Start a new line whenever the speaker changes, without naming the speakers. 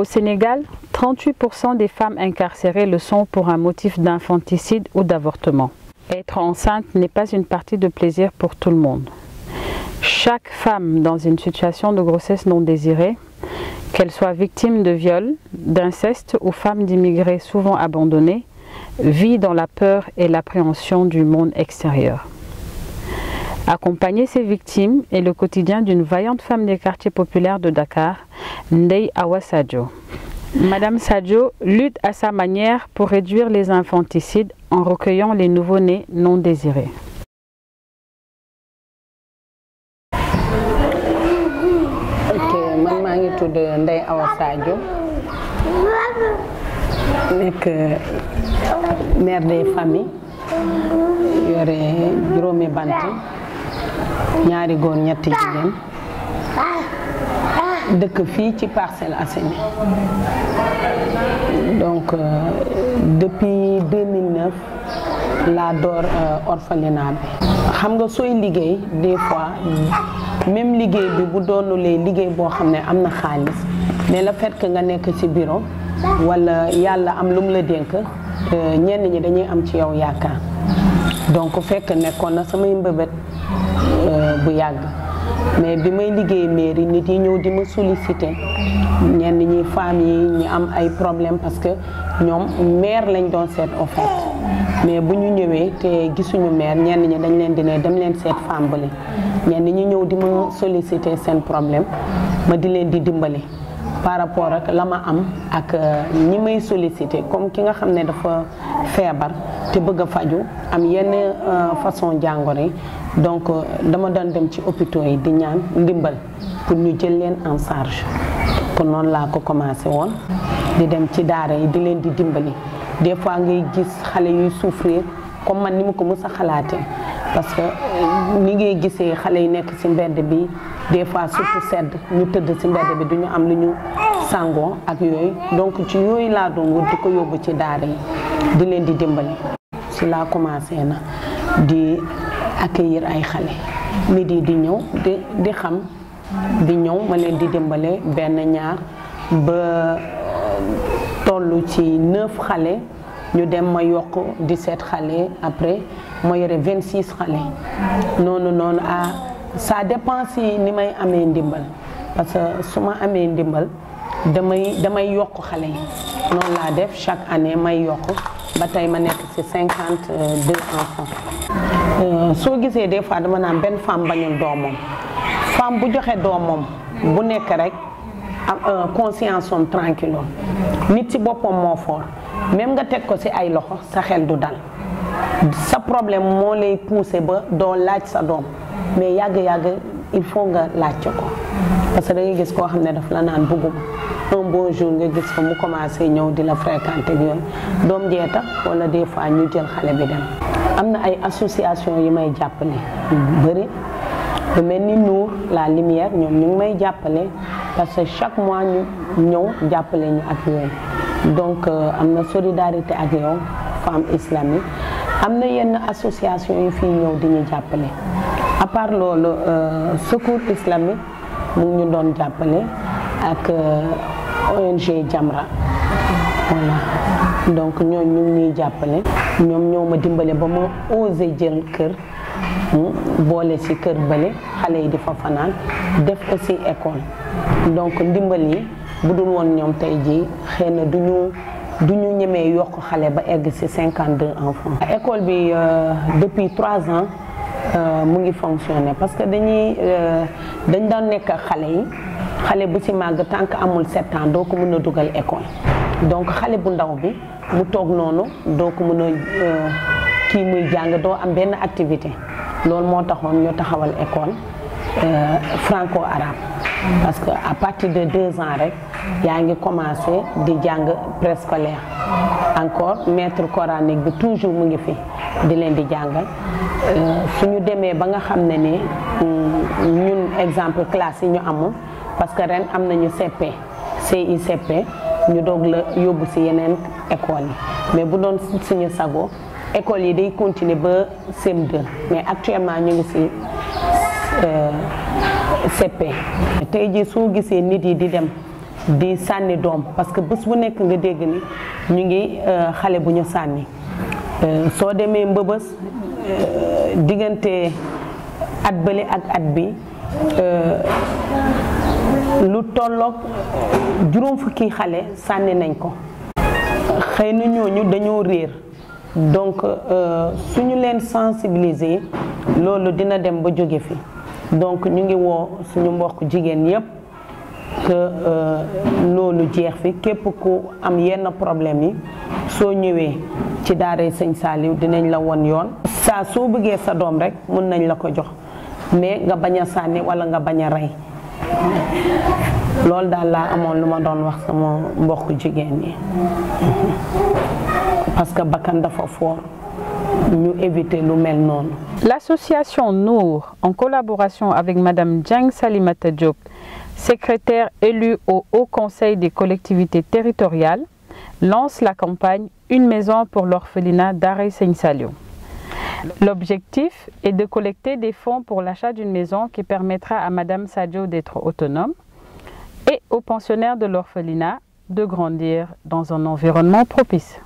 Au Sénégal, 38% des femmes incarcérées le sont pour un motif d'infanticide ou d'avortement. Être enceinte n'est pas une partie de plaisir pour tout le monde. Chaque femme dans une situation de grossesse non désirée, qu'elle soit victime de viol, d'inceste ou femme d'immigrés souvent abandonnée, vit dans la peur et l'appréhension du monde extérieur. Accompagner ces victimes est le quotidien d'une vaillante femme des quartiers populaires de Dakar, Ndei Awa Madame Sadjo lutte à sa manière pour réduire les infanticides en recueillant les nouveau-nés non désirés.
ok euh, mère des familles ñaari góor ñetti jigéen dëkk fii ci Parcelles Assainies donc euh, depuis 2009 laa door euh, orphelinat bi. xam nga sooy liggéey des fois même liggéey bi bu doonulee liggéey boo xam ne am na xaalis mais le fait nga nekk ci bureau walla yàlla am lu la dénk euh, ñenn ñi dañuy am ci yow yaakaar. donc fekk nekkoon na samay mbëbët euh, bu yàgg mais bi may liggéey mairie nit yi ñëw di ma solliciter ñenn ñi femmes yi ñu am ay problème parce que ñoom maire lañ doon seet au mais bu ñu ñëwee te gisuñu mair ñenn ñi dañ leen di dem leen seet femme bële ñenn ñi ñëw di ma solliciter seen problème ma di leen di dimbali par rapport ak la ma am ak ni euh, may solicité comme ki nga xam ne dafa feebar te bëgg a faju am yenn euh, façon jàngoro yi donc euh, dama doon dem ci hôpitaux yi di ñaan ndimbal pour ñu jël leen en charge kon noonu laa ko commencé woon di dem ci daara yi di leen di dimbali des fois ngay gis xale yuy souffrir comme man ni ma ko mës a xalaatee parce que euh, ni ngay gisee xale yi nekk ci mbedd bi des fois surtout sedd ñu tëdd ci mbedd bi duñu am lu ñu sàngoo ak yooyu donc ci yooyu laa doon wut di ko yóbbu ci daara yi di leen di dimbali ci laa commencé na di accueillir ay xale nit yi di ñëw di di xam di ñëw ma leen di dimbale benn ñaar ba euh, toll ci neuf xale Nous avons 17 enfants, après 26 Non, non, non. ah ça dépend si ni may amee parce que si ndimbal damay damay def chaque année may avons ma 52 enfants euh, des fois dama femme bañul Une femme bu est euh, conscience tranquille nit n'est même nga teg ko si ay loxo sa xel du dal sa problème moo lay poussé ba doo laaj sa doom mais yàgg-yàgg il faut nga laajte ko parce que da gis koo xam ne daf la naan bugguma un bon jour nga gis ko mu commencé ñëw di la fréquenter ak yoon doom jee tax wala des fois ñu jël xale bi dem am na ay association yi may jàppale bëri lu mel ni Nour la lumière ñoom ñu ngi may jàppale parce que chaque mois ñu ñëw jàppale ñu ak yooyu donc euh, am na solidarité ak yow femme islamique am na yenn association yu fii ñëw di ñu jàppale à part loolu euh, secours islamique mu ñu doon jàppale ak euh, ONG Jamra voilà donc ñooñ ñu ñuy jàppale ñoom ñoo ma dimbale ba ma osé jël kër hmm, boole si kër bële xale yi di fa fanaan def ko si école donc ndimbal yi bu dul woon ñoom tey jii xëy na du ñu du ñu ñemee yokk xale ba egg ci cinquante deux enfants. école bi euh, depuis trois ans euh, mu ngi fonctionner parce que dañuy euh, dañ daan nekk xale yi xale bu ci màgg tànk amul sept doo ko mën a dugal école donc xale bu ndaw bi mu toog noonu doo ko mën a kii muy jàng doo am benn activité loolu moo taxoon ñu taxawal école franco arabe. parce que à partir de deux ans rek yaa ngi commencé di jàng préscolaire encore maître coranique bi toujours mu ngi fi di leen di jàngal euh, su ñu demee ba nga xam ne ni mm, ñun exemple classe yi ñu amul parce que ren am nañu CP CICP ñu doog la yóbbu ci yeneen école yi mais bu doon suñu sago école yi day continuer ba CM2 mais actuellement ñu ngi ci Euh, seppe tey ji soo gisee nit yi di dem di sànni doom parce que bés bu nekk nga dégg ni ñu ngi euh, xale bu ñu sànni euh, soo demee mbëbës diggante at bële ak at bi lu tolloog juróom fukki xale sànni nañ ko xëy na ñooñu dañoo réer donc suñu leen sensibiliser loolu dina dem ba jóge fi donc ñu ngi woo suñu mboqu jigéen yépp euh, loolu jeex fi képp ku am yenn problème yi soo ñëwee ci daaray sëñ Saliou dinañ la won yoon saa soo bëggee sa doom rek mun nañ la ko jox mais nga bañ a sànni walla nga bañ a rey loolu daal laa amoon lu ma doon wax sama
mboqu jigéen yi parce que bakkan dafa foor L'association Nour en collaboration avec Madame Djang Salimata Diop secrétaire élue au Haut Conseil des collectivités territoriales lance la campagne Une maison pour l'orphelinat d'Aré L'objectif est de collecter des fonds pour l'achat d'une maison qui permettra à Madame Sadio d'être autonome et aux pensionnaires de l'orphelinat de grandir dans un environnement propice.